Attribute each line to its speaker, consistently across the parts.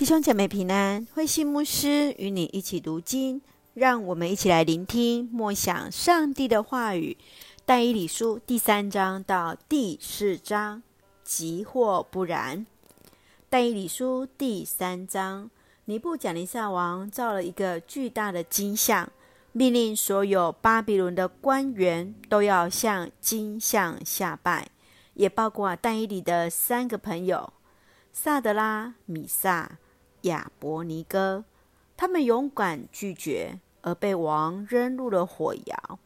Speaker 1: 弟兄姐妹平安，慧馨牧師與你一起讀經，讓我們一起來聆聽《默想上帝的話語》但以理書第三章到第四章，即或不然。但以理書第三章，尼布甲尼撒王造了一個巨大的金像，命令所有巴比倫的官員都要向金像下拜，也包括但以理的三個朋友沙得拉、米煞。亞伯尼歌，他們勇敢拒絕，而被王扔入了火窯。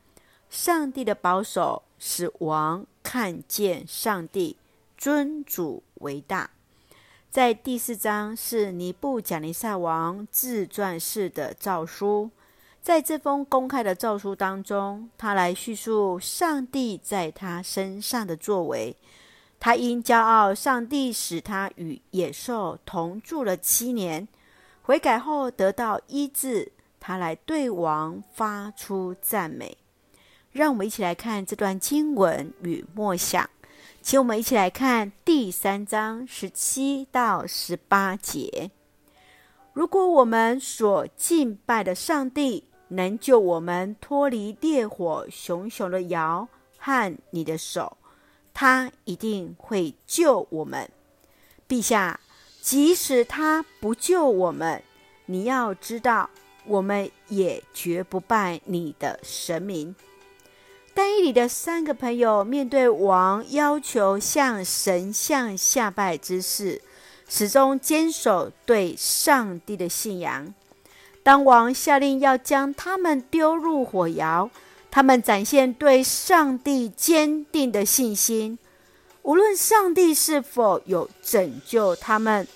Speaker 1: 上帝的保守使王看見上帝，尊主為大。在第四章是尼布甲尼撒王自傳式的詔書，在這封公開的詔書當中，他來敘述上帝在他身上的作為。他因驕傲，上帝使他與野獸同住了七年。悔改後得到醫治，他來對王發出讚美。讓我們一起來看這段經文與默想，請我們一起來看第三章十七到十八節。如果我們所敬拜的上帝能救我們脫離烈火熊熊的窯和你的手。他一定會救我們，陛下。即使他不救我們，你要知道，我們也絕不拜你的神明。但以理的三個朋友面對王要求向神像下拜之事，始終堅守對上帝的信仰。當王下令要將他們丟入火窯，他們展現對上帝堅定的信心，無論上帝是否有拯救他們，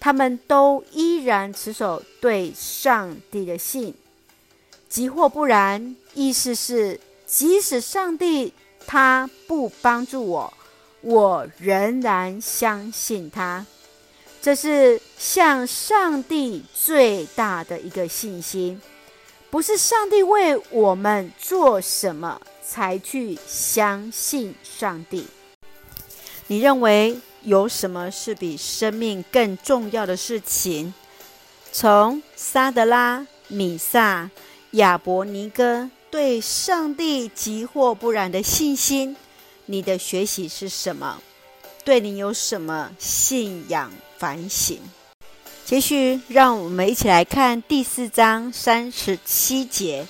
Speaker 1: 他們都依然持守對上帝的信。即或不然，意思是即使上帝他不幫助我，我仍然相信他。這是向上帝最大的一個信心。不是上帝為我們做什麼才去相信上帝。你認為有什麼是比生命更重要的事情？從沙得拉、米煞、亞伯尼歌對上帝即或不然的信心，你的學習是什麼？對你有什麼信仰反省？繼續，讓我們一起來看第四章三十七節。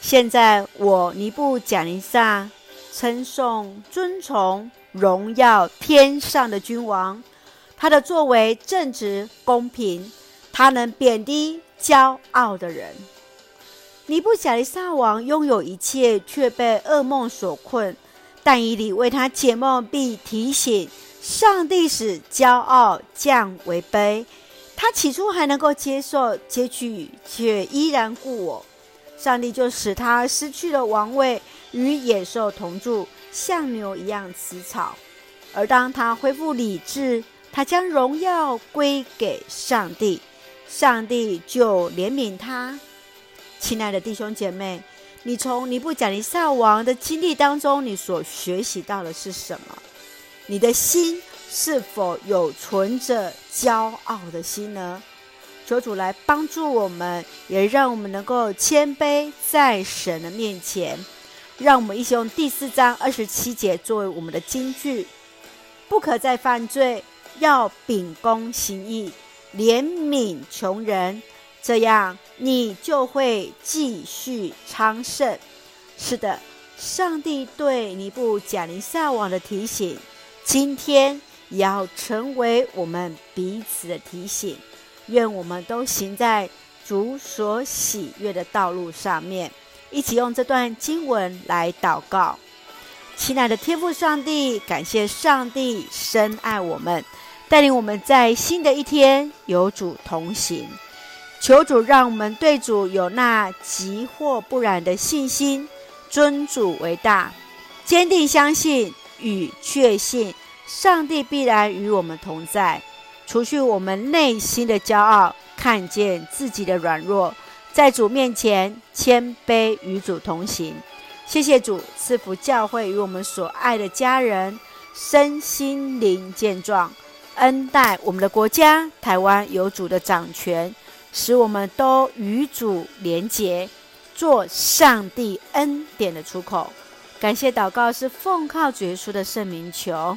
Speaker 1: 現在，我尼布甲尼撒稱頌、尊崇、榮耀天上的君王，他的作為正直、公平，他能貶低驕傲的人。尼布甲尼撒王擁有一切，卻被噩夢所困。但以理為他解夢，並提醒：上帝使驕傲降為卑。他起初還能夠接受，接續卻依然故我。上帝就使他失去了王位，與野獸同住，像牛一樣吃草。而當他恢復理智，他將榮耀歸給上帝，上帝就憐憫他。親愛的弟兄姐妹，你從尼布甲尼撒王的經歷當中，你所學習到的是什麼？你的心？是否有存着驕傲的心呢？求主來幫助我們，也讓我們能夠謙卑在神的面前。讓我們一起用第四章二十七節作為我們的金句：不可再犯罪，要秉公行義，憐憫窮人，這樣你就會繼續昌盛。是的，上帝對尼布甲尼撒王的提醒，今天。也要成為我們彼此的提醒。願我們都行在主所喜悅的道路上面，一起用這段經文來禱告。親愛的天父上帝，感謝上帝深愛我們，帶領我們在新的一天有主同行。求主讓我們對主有那即或不然的信心，尊主為大，堅定相信與確信。上帝必然與我們同在，除去我們內心的驕傲，看見自己的軟弱，在主面前謙卑，與主同行。謝謝主賜福教會與我們所愛的家人，身心靈健壯，恩待我們的國家台灣，有主的掌權，使我們都與主連結，做上帝恩典的出口。感謝禱告是奉靠主耶穌的聖名求。